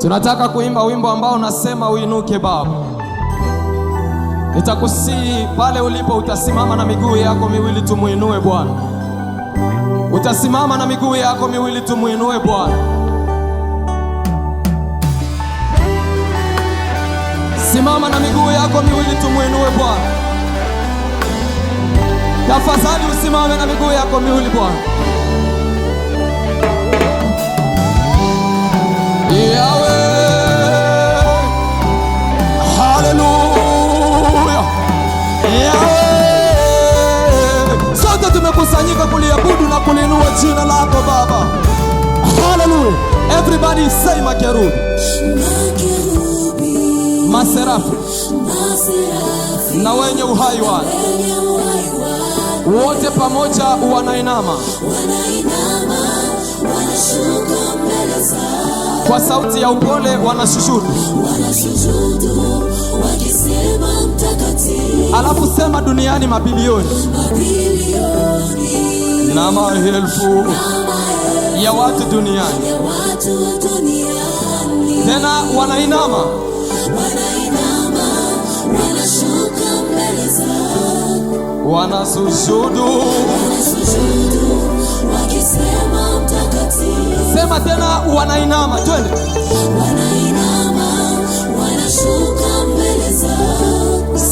Tunataka kuimba wimbo ambao unasema uinuke Baba. Nitakusihi pale ulipo utasimama na miguu yako miwili tumuinue Bwana. Utasimama na miguu yako miwili tumuinue Bwana. Simama na miguu yako miwili tumuinue Bwana. Tafadhali usimame na miguu yako miwili Bwana. Yawe tumekusanyika kuliabudu na kulinua jina lako Baba. Haleluya! Everybody say makerubi, maserafi na wenye uhai wale wote pamoja wanainama, kwa sauti ya upole wanashujudu, wanashujudu wakisema alafu sema duniani mabilioni, na maelfu ya watu duniani, tena wanainama, wanasujudu, wakisema Sema tena, wanainama, twende, wanainama, wanashuka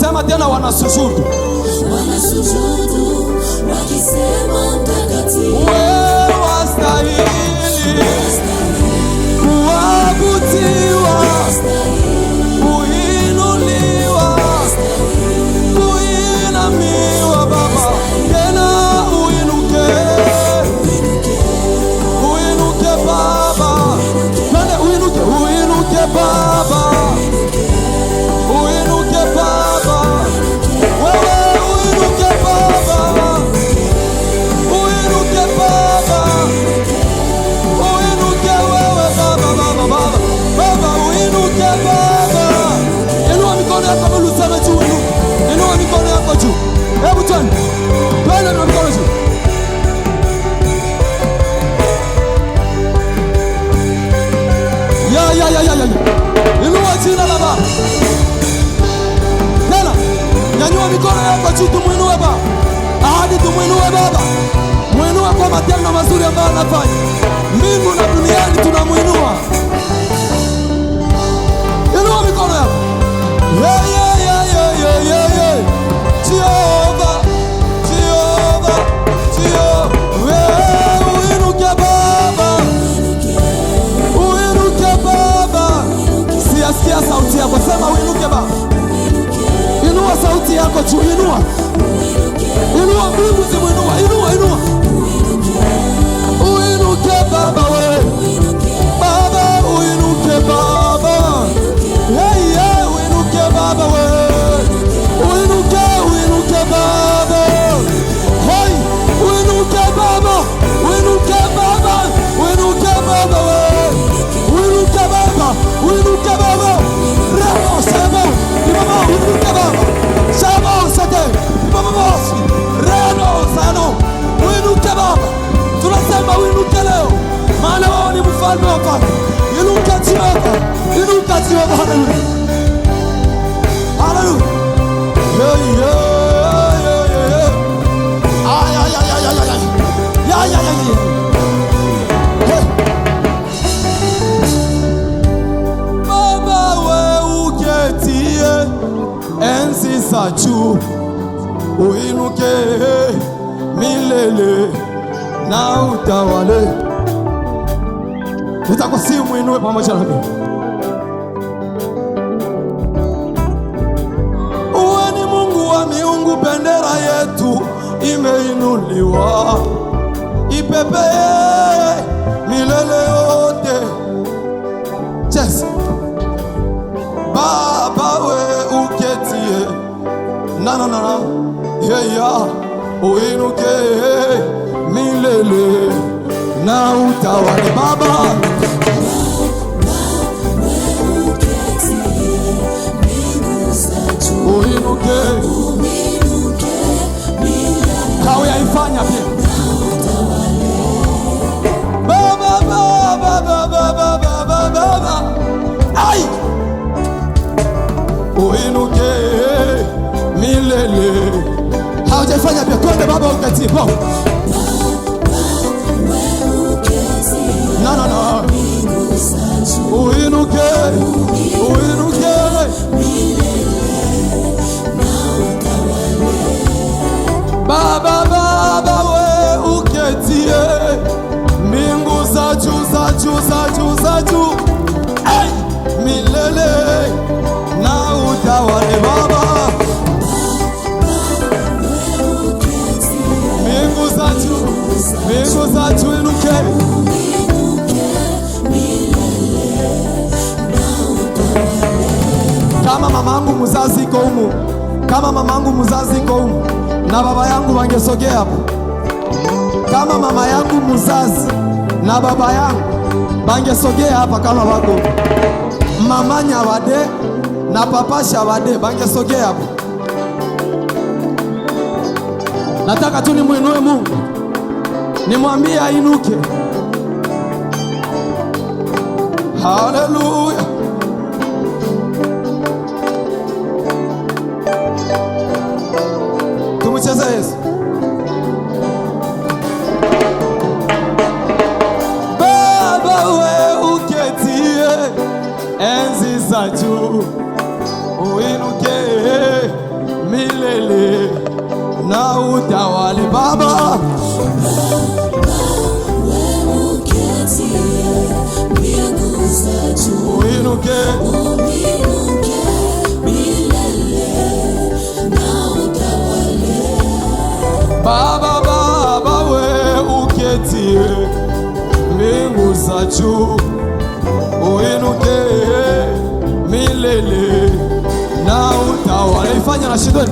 Sema tena, wanasujudu wanasujudu, wakisema mtakatifu, wewe wastahili nasi tumwinue Baba, ahadi tumwinue Baba, mwinue kwa matendo mazuri ambayo anafanya mbingu na juu, inua, inua mbingu, zimuinua Eh, uinuke milele na utawale. Nitakusifu, muinue pamoja nami. Mungu, bendera yetu imeinuliwa, ipepeye milele yote. Yes. Baba we uketie nananana yeya uinuke milele na utawale Baba prophety. Whoa. No, no, no. Uinuke, uinuke. Baba baba we uketie mbingu za juu za juu za juu hey! milele mbingu za tuinuke kama mamangu mzazi iko humu, kama mamangu mzazi iko humu na baba yangu wangesogea hapo, kama mama yangu mzazi na baba yangu bangesogea hapa, kama wako mamanya wade na papasha wade bangesogea hapo. Nataka tu nimwinue Mungu nimwambie ainuke. Haleluya, tumcheze Yesu. Baba we uketie enzi za juu, uinuke milele na utawale Baba uinuke Baba, Baba we uketie mbingu za juu, uinuke milele na utawale. Ifanya na shindoni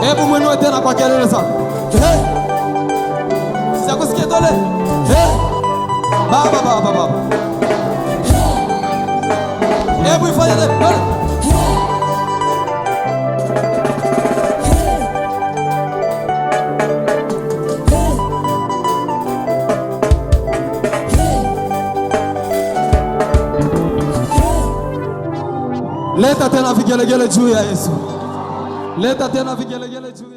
Hebu mwenue tena kwa kelele sana. Hey. tole. Baba baba baba. Hebu ifanye tena. Leta tena vigelegele juu ya Yesu. లేదా అదే నా విద్యలో